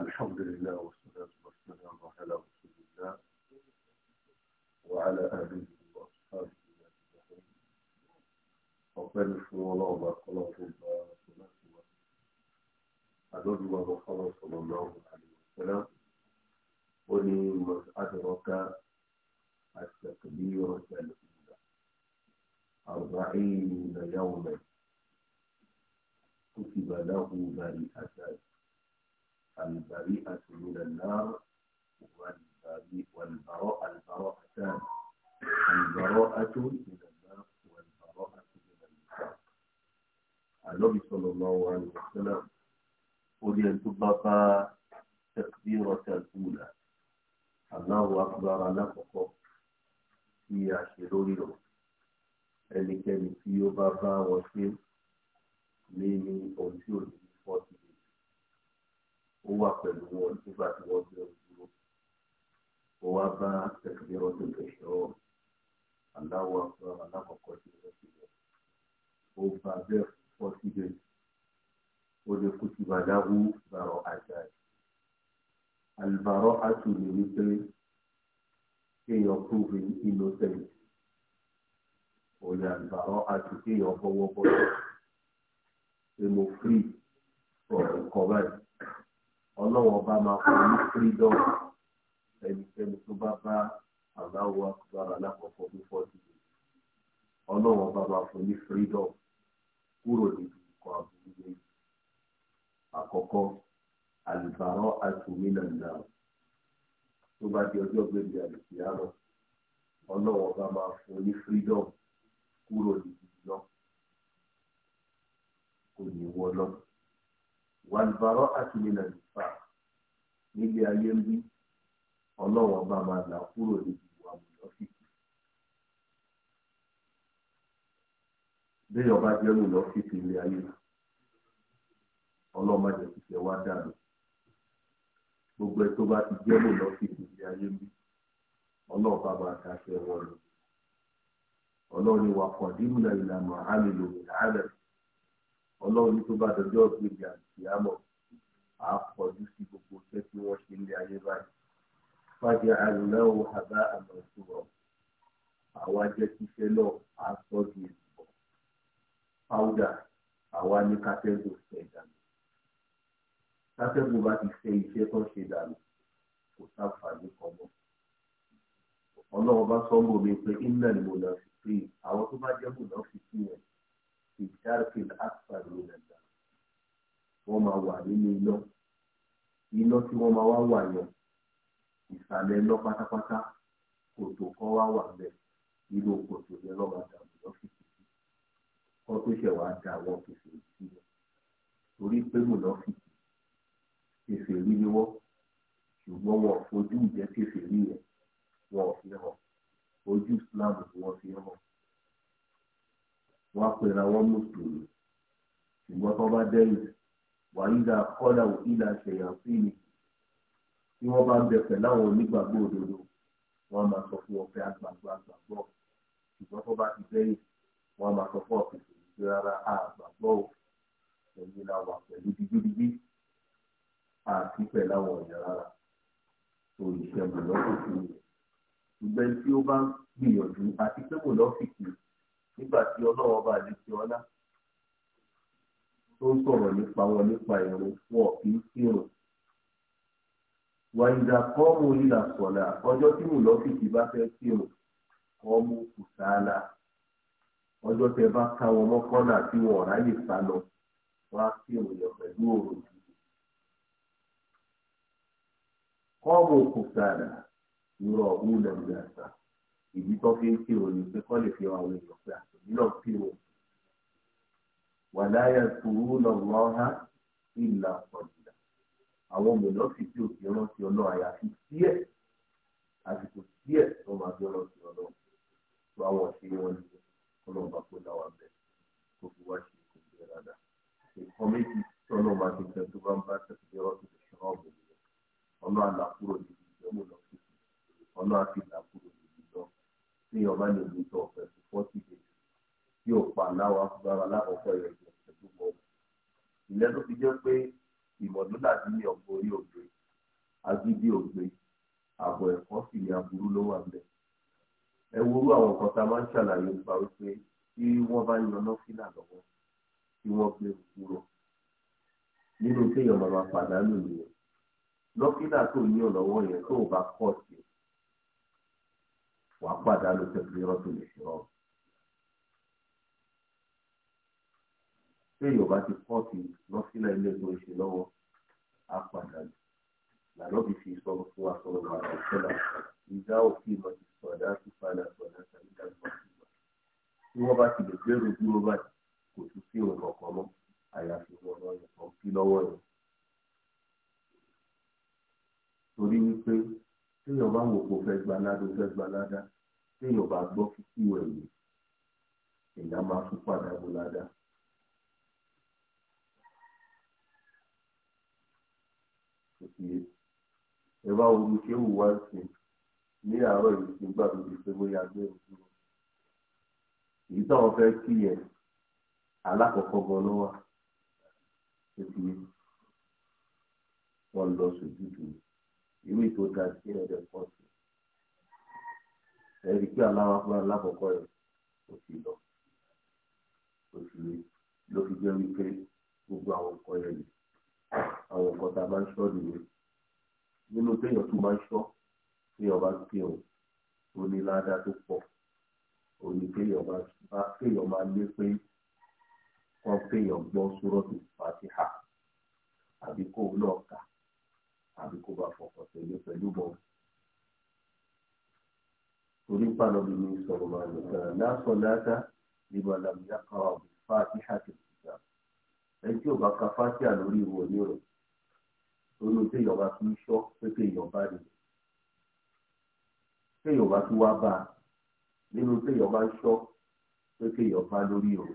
الحمد لله والصلاة والسلام على رسول الله وعلى آله وأصحابه أجمعين أقبل الشروع الله وبركاته وبركاته أدعو الله محمد صلى الله عليه وسلم ولي من أدرك التكبيرة الأولى أربعين يوما كتب له بريئتان البريئة من النار والبراءة البراءتان البراءة من النار والبراءة من النفاق النبي صلى الله عليه وسلم أريد أن تطلق تكبيرة الأولى الله أكبر لكم في عشرون يوم ẹnikẹ́ni tí ó bá bá wọn ṣe lé ó wà pẹ̀lú wọn nígbà tí wọ́n gbé dúró ó wá bá tẹ̀kílẹ́rọ̀ tó kẹ̀ṣọ́ aláwọ̀ afọ alákọ̀ọ́kọ́ tí wọ́n ti lọ ó bá bẹ́ẹ̀ fọ́ síbẹ̀ ó lè kú ti bàdáwú bàrọ̀ àjà ẹ̀ àlùbárọ̀ àtúnyẹ wípé kéèyàn kúrò innocent òye àlùbárọ̀ àti kéèyàn bọ́wọ́ bọ́wọ́ pé mo free from ìkọ́ báyìí ọlọ́wọ́ bá máa fún ní freedom ẹnikẹ́ni tó bá bá aláwọ̀ akọ̀bára lápapọ̀ ní fọ́ọ̀tì ọlọ́wọ́ bá máa fún ní freedom kúrò níbi ikọ̀ àbúrú méjì àkọ́kọ́ àlùbárọ́ àtúnmínà náà tó bá di ọjọ́ gbèbí àlùkìyàrọ̀ ọlọ́wọ́ bá máa fún ní freedom kúrò níbi náà kò ní wọ́n lọ́wọ́. wàlùbárọ́ àti na nílé ayé ń bí ọlọ́wọ́ bá máa là kúrò níbi ìwà mùlọ́fíìkì. béèyàn bá jẹ́ mùlọ́fíìkì ilé ayé ọlọ́mọdé ti wá dànù gbogbo ẹ tó bá ti jẹ́ mùlọ́fíìkì ilé ayé ń bí ọlọ́ọ̀bá máa wọ́n ọlọ́run ní tó bá dọjọ́ ògbébi àtìyámọ̀ àá kọjú sí gbogbo iṣẹ́ tí wọ́n ṣe ní ayé báyìí fàjẹ àrùnáwó àbá àmọ̀tòrọ̀ àwa jẹ́ kíṣẹ́ náà àá sọ́ di èlùbọ̀ pàwùdà àwa ní kátẹ́gùn fẹ́ dànù kátẹ́gùn bá ti fẹ́ iṣẹ́ tó ṣe dànù kò sáfàní kan mọ́ ọlọ́run bá sọ́ńbù mi pé iná ni mo lọ sí. wọ́n máa wá wà yọ ìsàlẹ̀ lọ pátápátá kòtò kan wá wà bẹ́ẹ̀ nínú kòtò yẹn lọ́wọ́ àdàbò lọ́fíìsì sí kọ́ tó ṣẹ̀ wá da àwọn kèsè sí i torí pé mò lọ́fíìsì kèsè rí ni wọ́n ṣùgbọ́n wọn fojú ìjẹ́ kèsè rí yẹn wọn ò fi hàn ojú Islam ni wọ́n fi hàn wọ́n á pera wọn mùsùlùmí ṣùgbọ́n tó bá dẹ́yìn wàyí dà kọ́là òkìlà ṣèyàn sí ni tí wọ́n bá ń bẹ pẹ̀lú àwọn onígbàgbọ́ òdodo wọ́n máa sọ fún ọ̀fẹ́ àgbàgbọ́ àgbàgbọ́ ṣùgbọ́n tó bá ti bẹ́yìn wọ́n máa sọ fún ọ̀fẹ́ ìṣòro rárá àgbàgbọ́ ò pẹ̀lú la wà pẹ̀lú dídídídí àti pẹ̀lú àwọn ọ̀yà rárá tó ìṣẹ̀mù lọ́kùnkùn rẹ̀ ṣùgbọ́n tí ó bá gbìyànjú àti pé kò lọ́fìkì nígbà tí ọlọ́wọ́ bá lè ṣe ọlá tó ń sọ̀rọ̀ nípa wọn nípa ìrun fún ọ̀fíìsì rùn wàyídà kọ́ọ̀mù ìlà sọ̀là ọjọ́ tí mùlọ́fìkì bá fẹ́ kírun kọ́ọ̀mù kùsàlà ọjọ́ tẹ bá ká wọn mọ́kànlá tí wọn ọ̀rá lè sá lọ wá kírun yẹn pẹ̀lú òòrùn yìí. kọ́ọ̀mù kùsàlà ìrọ̀ òun lẹ́yìn àṣà ìdí tó fi ń kírun ni pé kọ́ lè fi àwọn èèyàn pé àtòmí náà kírun wàláyà tùrú lọ́wọ́ ha ìlà pọ̀jù àwọn mìíràn sì tí òkè rántí ọlọ́ àyàfi díẹ̀ àsìkò díẹ̀ tó máa fi rántí ọlọ́ tó àwọn ṣe wọn ni ọlọ́ bá kó dáwà bẹ̀ tó fi wá ṣe kò gbé rárá. nǹkan méjì tí ọlọ́ máa ti tẹ̀ tó bá ń bá tẹ̀sí ní ọ̀sẹ̀ tó ṣe ọ̀bù nìyẹn ọlọ́ àlà kúrò níbi ìjọmọ̀ lọ sí i ọlọ́ àti ìlà kúrò níbi ìjọ tí ọba lè mú tọ̀ pẹ̀lú fọ́tì days tí ò pa aláwọ̀ akúbára alákọ̀ọ́kọ́ yẹn jẹ́ pẹ̀lú mọ́ ilẹ̀ tó fi jẹ́ pé ìwọ ló dàbí ní ọ̀pọ̀ orí ògbé agídí ògbé ààbọ̀ ẹ̀kọ́ sì ní aburú ló wà bẹ́ẹ̀. ẹ worú àwọn kan tá a máa ń ṣàlàyé nípa wípé tí wọ́n bá yan nọ́fìlà lọ́wọ́ tí wọ́n gbé kúrò nínú téèyàn máa ma pàdánù nìyẹn nọ́fìlà tó ní ọ̀lọ́wọ́ yẹn tó o bá kọ̀ sí wàá pàdánù tẹ̀síwọ́n tó lè ṣe ọ́. téèyàn bá ti kọ́ọ̀tì lọ́sílẹ̀ ilé tó ń ṣe lọ́wọ́ ìdá òfin ìmọ̀tì sọ̀dá sí padà sọ̀dá tàbí dàgbà ìgbà tí wọ́n bá ti lè gbèrò dúró báyìí kò tún sí òun ọ̀kan mọ́ àyàfi wọn lọ́yọ̀ kan kí lọ́wọ́ yẹn. torí wípé téèyàn bá wò kó fẹ́ gba aládó fẹ́ gba aládá téèyàn bá gbọ́ kíkú ẹ̀yìn èèyàn máa tún padà bó ládá. ẹ bá wo ní kéwù wá sí i ní àárọ̀ yìí ti gbà tó di pé bóyá gbé òkú lọ. èyí táwọn fẹ́ kí yẹn alákọ̀ọ́kọ́ gan ló wà tó ti wọ́n lọ sójú ju ìwé tó ga sí ẹ̀rẹ̀ pọ̀ sí. ẹ̀rí pé aláwa fún alákọ̀ọ́kọ́ yẹn kò sí lọ kò sí ló fi jẹ́ wípé gbogbo àwọn nǹkan yẹn ni àwọn nǹkan tá a máa ń ṣọ́ nìyẹn nínú téèyàn tó máa ń ṣọ́ tí ọba kírun ó ní ládá tó pọ̀ ó ní kéèyàn máa lé pé wọ́n kéèyàn gbọ́ súrọ́tù fàtíhà àbí kó náà kà àbí kó bá fọkàn tẹ̀lé pẹ̀lú bọ̀. torí pàdánù mi sọ̀rọ̀ máa lò kàn lásán ládá nígbà làmìyá kan àbí fàtíhà tó ti gbà ẹni tí ò bá ka fàtíhà lórí ìwọ ní ọ̀rọ̀ tó ló téèyàn bá fi ń ṣọ́ pé kéèyàn bá nìyẹn kéèyàn bá tún wá bá a nínú kéèyàn bá ń ṣọ́ pé kéèyàn bá lórí òun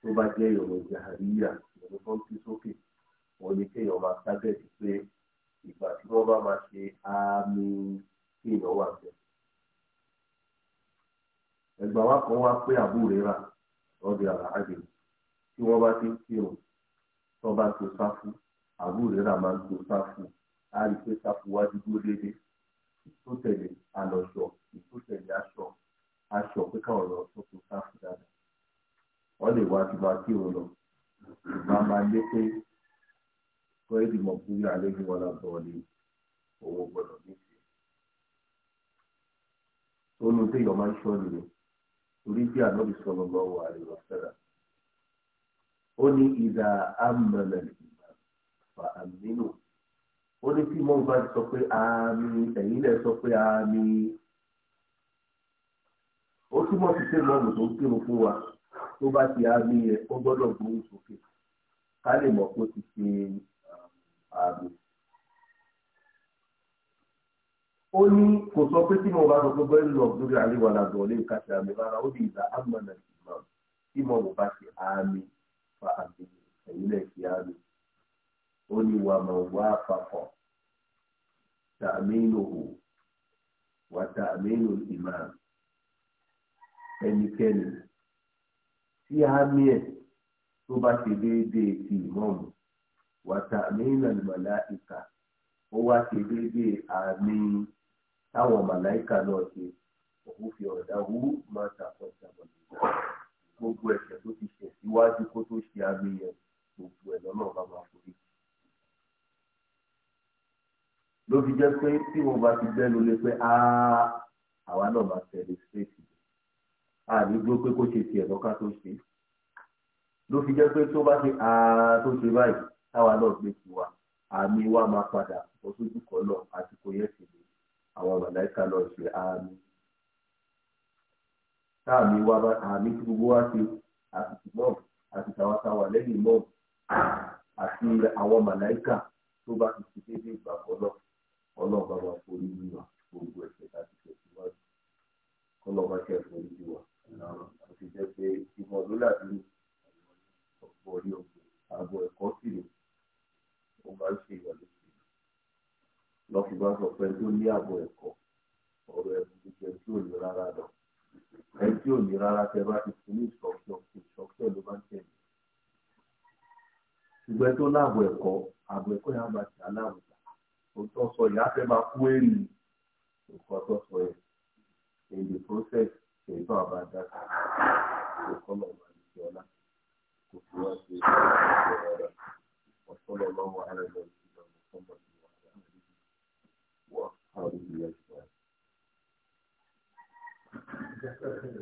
tó bá jẹ́ ìròyìn jàhàríyà ìròyìn tó ń fi sókè wọn ni kéèyàn máa tágẹ́tì pé ìgbà tí wọ́n bá máa ṣe àmì kéèyàn wà bẹ́ẹ̀. ẹgbà wa kan wá pé àbúrò rà lọ́dẹ àlàáde tí wọ́n bá ti ń kírun tó bá tó sáfù àbúrò rà máa ń tó sáfù á pé sáfù wájú dúró déédéé. ìtòtẹ̀lé àlọ́ṣọ ìtòtẹ̀lé aṣọ aṣọ pẹ́ká ọ̀rọ̀ tuntun sáfù dáadáa wọ́n lè wá ju bá kí o lọ ìgbà máa lé pé mọ̀ wọn lábọ̀ ọ̀lẹ́ owó téèyàn máa ń ṣọ́ nìyẹn torí bí ànábì sọ̀rọ̀ lọ́wọ́ àríwá ó ní tí mọ́mú bá ti sọ pé àmì ẹ̀yìn náà sọ pé àmì ó túmọ̀ sí pé mọ́mú tó ń kírun fún wa tó bá ti àmì yẹn ó gbọ́dọ̀ gbóhùn sókè ká lè mọ̀ pé ó ti ṣe àmì. ó ní kò sọ pé tí mo bá sọ pé bẹ́ẹ̀ lọ lórí àríwá làbọ̀ lè ka ṣe àmì rárá ó ní ìlà àmọ̀nà ìmọ̀ tí mo bá ṣe àmì fa àmì ẹ̀yìn náà ṣe àmì ó ní wàmọ̀ wá papọ̀ tàmínùhù wà tàmínù ìmáà ẹnikẹ́ni tí àmì ẹ̀ tó bá ṣe déédéé ti ìmọ̀ọ́mù wà tàmínù màláìka ó wá ṣe déédéé àmì táwọn màláìka náà ṣe òun fi ọ̀dà wú máa ṣàkóso àbọ̀dé gbogbo ẹ̀ṣẹ̀ tó ti ṣẹ̀ síwájú kó tó ṣe àmì yẹn gbogbo ẹ̀ lọ́nà bá máa forí k ló fi jẹ́ pé tí wọ́n bá ti bẹ́ẹ̀ ló lé pé àwa náà máa tẹ̀lé ṣéèkì àdúgbò pé kó ṣe tiẹ̀ lọ́ka tó ṣe ló fi jẹ́ pé tó bá ṣe tó ṣe báyìí táwa náà gbé tiwa àmì wa máa padà ọsójú kan náà àsìkò yẹn sì ni àwọn màláìka náà ṣe àmì táàmì wa bá àmì tí gbogbo wa ṣe àsìkò mọ́ọ̀mù àti tàwa táwa lẹ́yìn mọ́ọ̀mù àti àwọn màláìka tó bá ti ṣùgbọ́n sọ pé tó ní ààbò ẹ̀kọ́ ọ̀rọ̀ ẹ̀bùn jíjẹ tí ò ní rárá lọ ẹni tí ò ní rárá tẹ bá ti fún ní ìṣọ̀kṣọ̀ ìṣọ̀kṣọ̀ ló máa ń tẹ̀lé ṣùgbọ́n tó láàbò ẹ̀kọ́ ààbò ẹ̀kọ́ yà máa ṣe aláwùjá òótọ́ sọ ìyá fẹ́ máa kú èrì nǹkan tó sọ ẹ̀ èdè process èyí tó àbá dá lọ́wọ́ àdìsí ọlá kò How do you